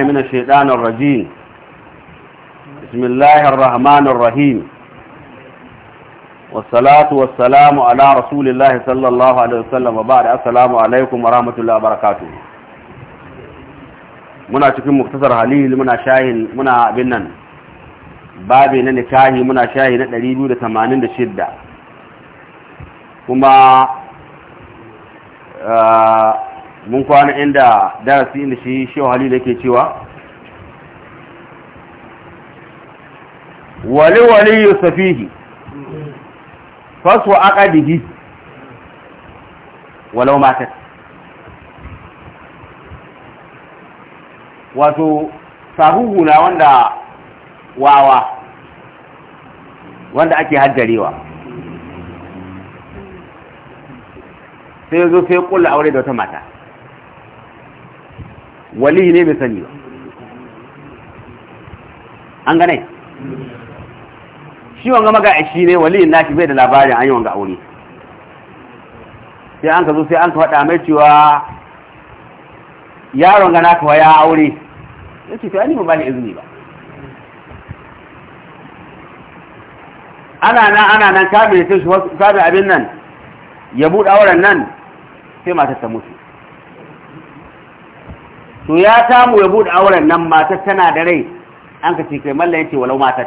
من الشيطان الرجيم بسم الله الرحمن الرحيم والصلاة والسلام على رسول الله صلى الله عليه وسلم وبعد السلام عليكم ورحمة الله وبركاته منا cikin muktasar halil muna shahin muna abin nan babi na nikahi muna shahi na 286 kuma mun kwana inda darasi inda shi shehu halil yake cewa wali wali yusufihi fasu aqadihi walau matat wato sahuhu na wanda wawa wanda ake haddarewa sai zo sai kulla aure da wata mata wali ne bai sani ba an gane shi wanga maga shi ne waliyin nashi bai da labarin an yi wanga aure sai an ka zo sai an ka faɗa mai cewa yaron gana kawa ya aure ya ce ta ni ba ni izini ba ana nan ana nan wasu abin nan ya buɗa auren nan sai matar ta mutu to ya samu ya buɗe auren nan matar tana da rai an ka ce kai mallan ce walau matar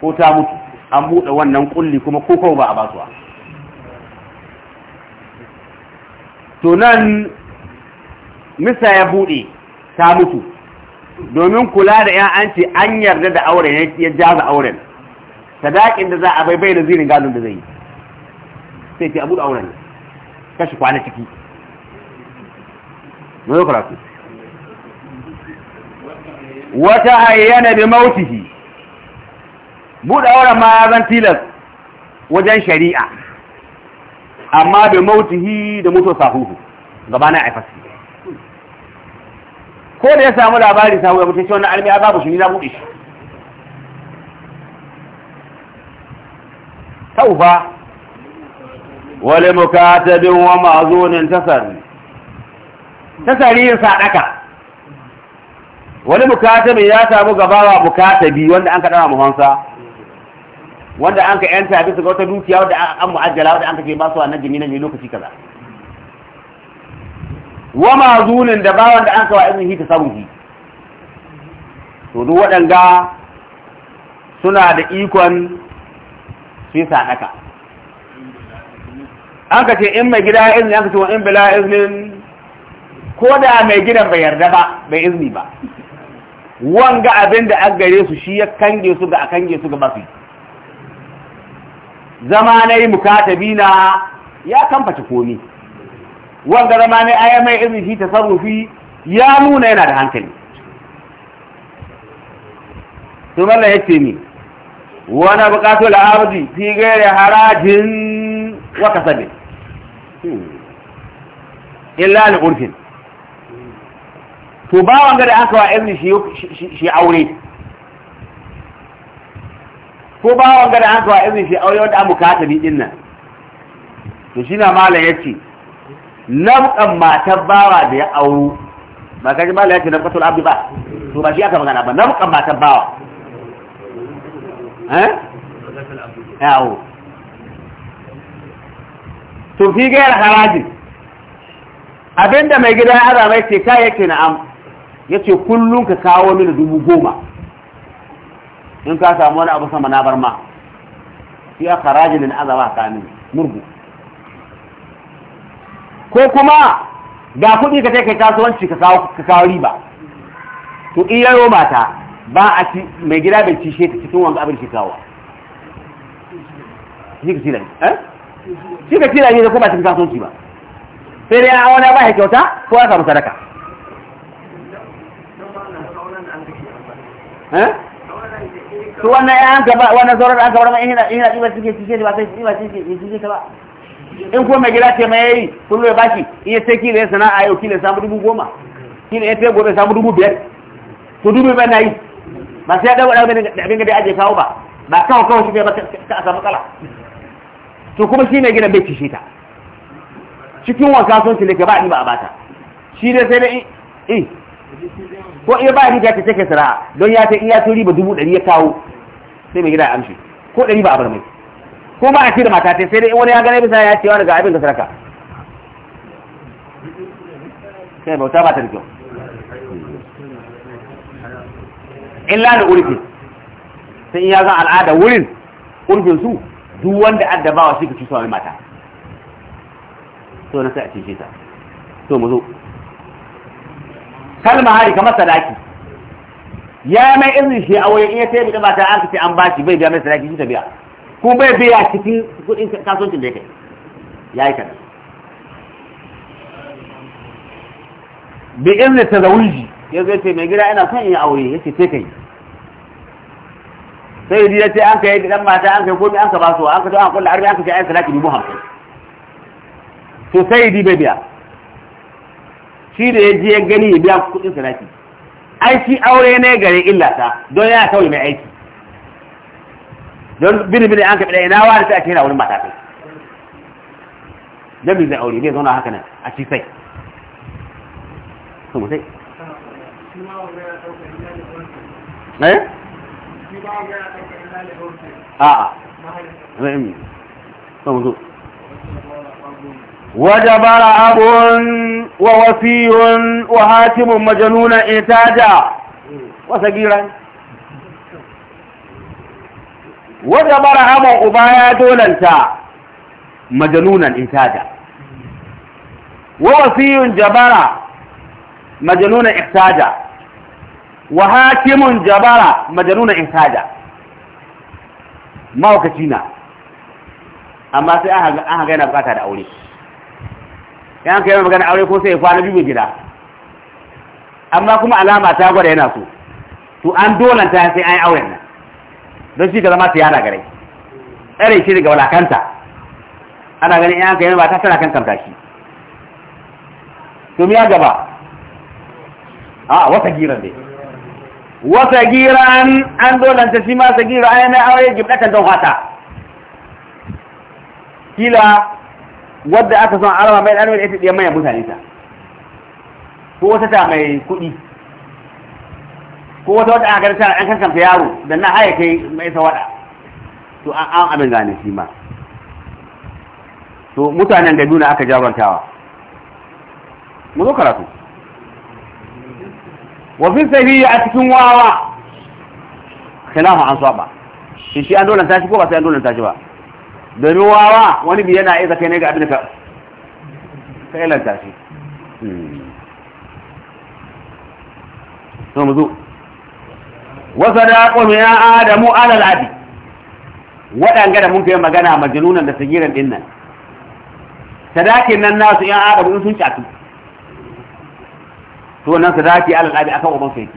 ko ta mutu an buɗe wannan kulli kuma ko kawo ba a basuwa to nan misa ya buɗe ta mutu domin kula da yan an ce an yarda da auren ya jaza auren sadakin da za a bai bai da zirin galon da zai yi sai ce a buɗe auren kashi kwana ciki mai karatu wata ayyana bi mautihi buɗa ma zan tilas wajen shari'a amma bi mautihi da mutu sahuhu gabanin aifasi ko da ya samu labari sahu ya mutu shi wannan almiya babu shi ni na buɗe shi tauba wale mukatabin wa mazunin tasar ta yin sadaka wani mukatabi ya samu gabawa mukatabi wanda an kaɗa muhansa wanda an ka yanta bisa ga wata dukiya wanda an mu'ajjala wanda an ka ce ba su a nan jimina ne lokaci kaza wa zunin da bawan da an kawa irin hita hi to duk waɗanga suna da ikon sai sadaka an ka ce in mai gida izini an ka ce wa in bila izinin ko da mai gidan bai yarda ba bai izini ba wanga abin da an gare su shi ya kange su ga a kange su ga mafi zama na yi mukatabi na ya kamfata komi wanga zama na aya mai izini shi tasarrufi ya nuna yana da hankali to malla yake ni wani bukatu al'abdi fi gairi harajin wa kasabe hmm. illa li urfin to bawan gada an wa izini shi aure ko bawan gada an wa izini shi aure wanda an bukata ni din nan to shi na malam ya ce nabkan matar bawa da ya auru ba kaji malam ya ce nabkatul abdi ba to ba shi aka magana ba nabkan matar bawa eh auru to fi gayar harajin abinda mai gida ya azama ya ce kayayyaki na'am ya ce kullum ka kawo mini dubu goma in ka samu wani abu sama na bar ma shi a karaji na azaba ka kanin murgu ko kuma ga kuɗi ka kai kasuwanci ka kawo riba to in yaro mata ba a ci mai gida bai ci shi ta cikin wanga abin shi kawo shi ka tilani eh shi ka tilani da kuma cikin kasuwanci ba sai dai a wani ba ya kyauta ko ya samu sadaka Eh? su wannan ya an gaba wannan zaurar da an gaba mai ina ina ɗiba suke cike da ba sai ɗiba suke cike ta ba in ko mai gida ce mai yayi kullum ya bashi in ya sai ya sana'a yau kila ya samu dubu goma kila ya sai gobe samu dubu biyar to dubu bai na yi ba sai ya dawo da abin da aje kawo ba ba kawo kawo shi ba ka a samu kala to kuma shi mai gida bai ci ta cikin wanka sun tilike ba a ɗiba a bata shi ne sai dai in ko in ba riba ta take sana'a don ya ta iya to riba dubu ɗari ya kawo sai mai gida ya amshi ko ɗari ba a bar mai ko ba a da mata ta sai dai wani ya gane bisa ya ce wani ga abin da saraka sai bauta ba ta rikin illa da urfi sai ya zan al'ada wurin urfin su duk wanda addabawa shi ka ci sa mata to na sai a cikin ta to mu zo kalma hari kamar sadaki ya mai izini shi aure in ya sai bi ba ta an kace an bashi bai biya mai sadaki shi ta biya ko bai biya cikin kudin kasuwancin da yake yayi kana bi izini tazawuji yanzu ce mai gida ina son in aure yace sai kai sai ya ce an kai dan mata an kai gobe an ka ba basu an ka zo an kulla arbi an ka ce ai sadaki dubu hamsin to sai di bai biya shi da ya je ya gani ya biya kuɗin salati ai shi aure ne gare illata don yana kawai mai aiki don bini bini an kaɓe ɗaya ina wani sai a kera wurin mata sai don zai aure ne zauna haka nan a ci sai sai eh a'a zo وجبر أب ووفي وحاتم مجنون إنتاجا وسقيرا وجبر أب أبايا دولنتا مجنونا إنتاجا ووفي جبر مجنون إحتاجا وحاكم جبر مجنون إنتاجا ما وكتينا amma sai an haka yana bukata da aure haka yana magana aure ko sai ya kwana biyu gida amma kuma alama ta gwada yana so to an dolanta sai an yi auren nan don shi ga zama yana gare tsare shi daga walakanta ana ganin haka kai ba ta tana kan kanta shi to miya gaba a wata giran dai wata giran an dolanta shi ma giran ai mai aure gibdatan don fata kila wadda aka son arama mai ɗanuwa da ita ɗiyan mayan mutane ta ko wata ta mai kuɗi ko wata a aka ta ɗan kankanta yaro da na haya kai mai sa waɗa to an an abin gane shi ma to mutanen da duna aka jabantawa mu zo karatu fi sahihi a cikin wawa khilafa an saba shi an dolanta shi ko ba sai an dolanta shi ba domin wawa wani biya na aiza kai ne ga abin ka kailanta shi so mu zo wasa da ƙwami ya adamu alal abi waɗanga da mun kai magana majanunan da sagiran ɗin nan sadakin nan nasu yan adamu sun catu to nan sadaki alal abi akan uban sai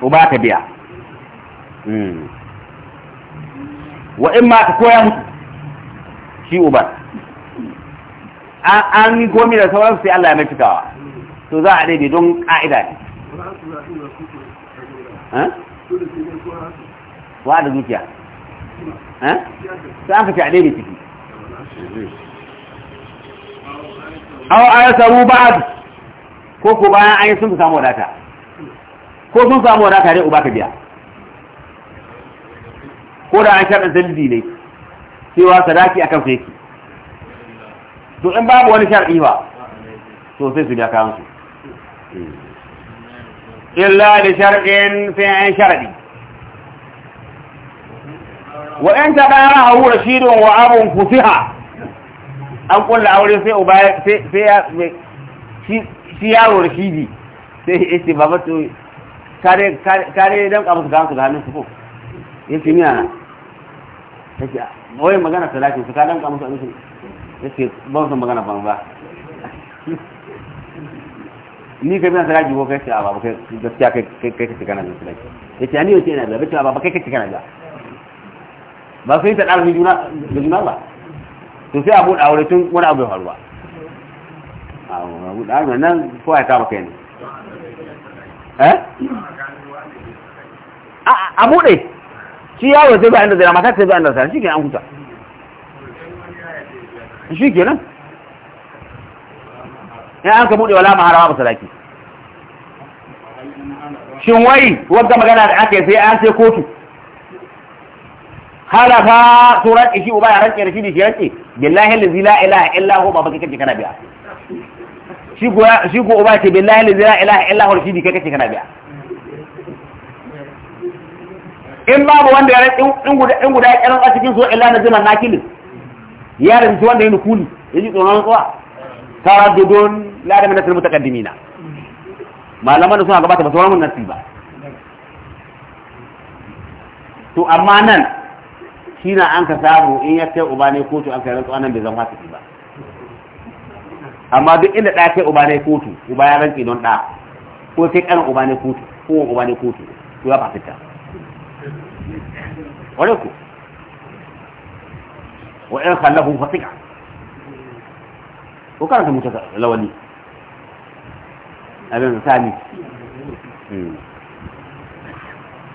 uba ka biya hmm. wa in ma ka koya musu ciwo ba an yi komi da sauran sai Allah ya mai cikawa to za a daidai don ka'ida ne wa da dukiya sai aka ce a daidai ciki a aw ayasaru ba ko ko bayan an yi sun samu wadata ko sun samu wadata dai uba ka biya ko da an sharɗin dalili ne cewa sadaki akan su yake to in babu wani shar'i ba to sai su biya kayan su illa da shar'in sai an sharadi wa in ta dara hawu rashidun wa abun fusiha an kulla aure sai uba sai sai shi yaro rashidi sai ya ce baba to kare kare dan kabu su ga hannun su ko yace mina take wai magana talatin su ka danka musu sun yake ba su magana ban ba ni ka bin saraki ko kai ce a ba kai gaskiya kai kai kai kai kana da saraki yace ani yace na da bace ba kai kai kana da ba sai ta dalmi juna da juna ba to sai abu da aure tun wani abu ya faru ba abu da aure nan ko ya kama kai ne eh a abu dai shi ya zai ba inda zai mata ta ba inda zai shi ke an huta shi ke nan ya an ka buɗe wala harawa ba salaki shi wai wadda magana da aka sai an sai kotu halafa su ranke shi uba ya ranke da shi da shi ranke billahi lazi la ilaha illa ko ba baka kace kana biya shi ko uba ce billahi lazi la ilaha illa hu shi da kace kana biya in babu wanda ya in guda in guda kiran a cikin su illa najiman nakil ya rinci wanda ya nukuli yaji tsoron tsowa taraddudun la da minatul mutaqaddimina malaman da suna gabata ba sauran mun nasi to amma nan shi na an ka sabu in ya kai uba ne kotu an kai rantsuwa nan bai zama fasiki ba amma duk inda ɗa kai uba ne kotu uba ya rantsi don ɗa ko sai ƙarin uba ne kotu ko uba ne kotu to ya fasita ولكو وإن خلفه فسكع وكانت متلوني أبن ثاني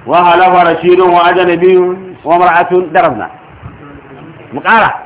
وهلف رشيد وأجنبي ومرأة دربنا مقارنة